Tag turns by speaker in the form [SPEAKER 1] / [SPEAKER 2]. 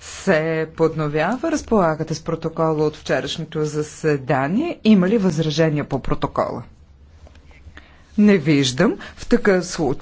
[SPEAKER 1] се подновява. Разполагате с протокола от вчерашното заседание. Има ли възражения по протокола?
[SPEAKER 2] Не виждам.
[SPEAKER 3] В такъв случай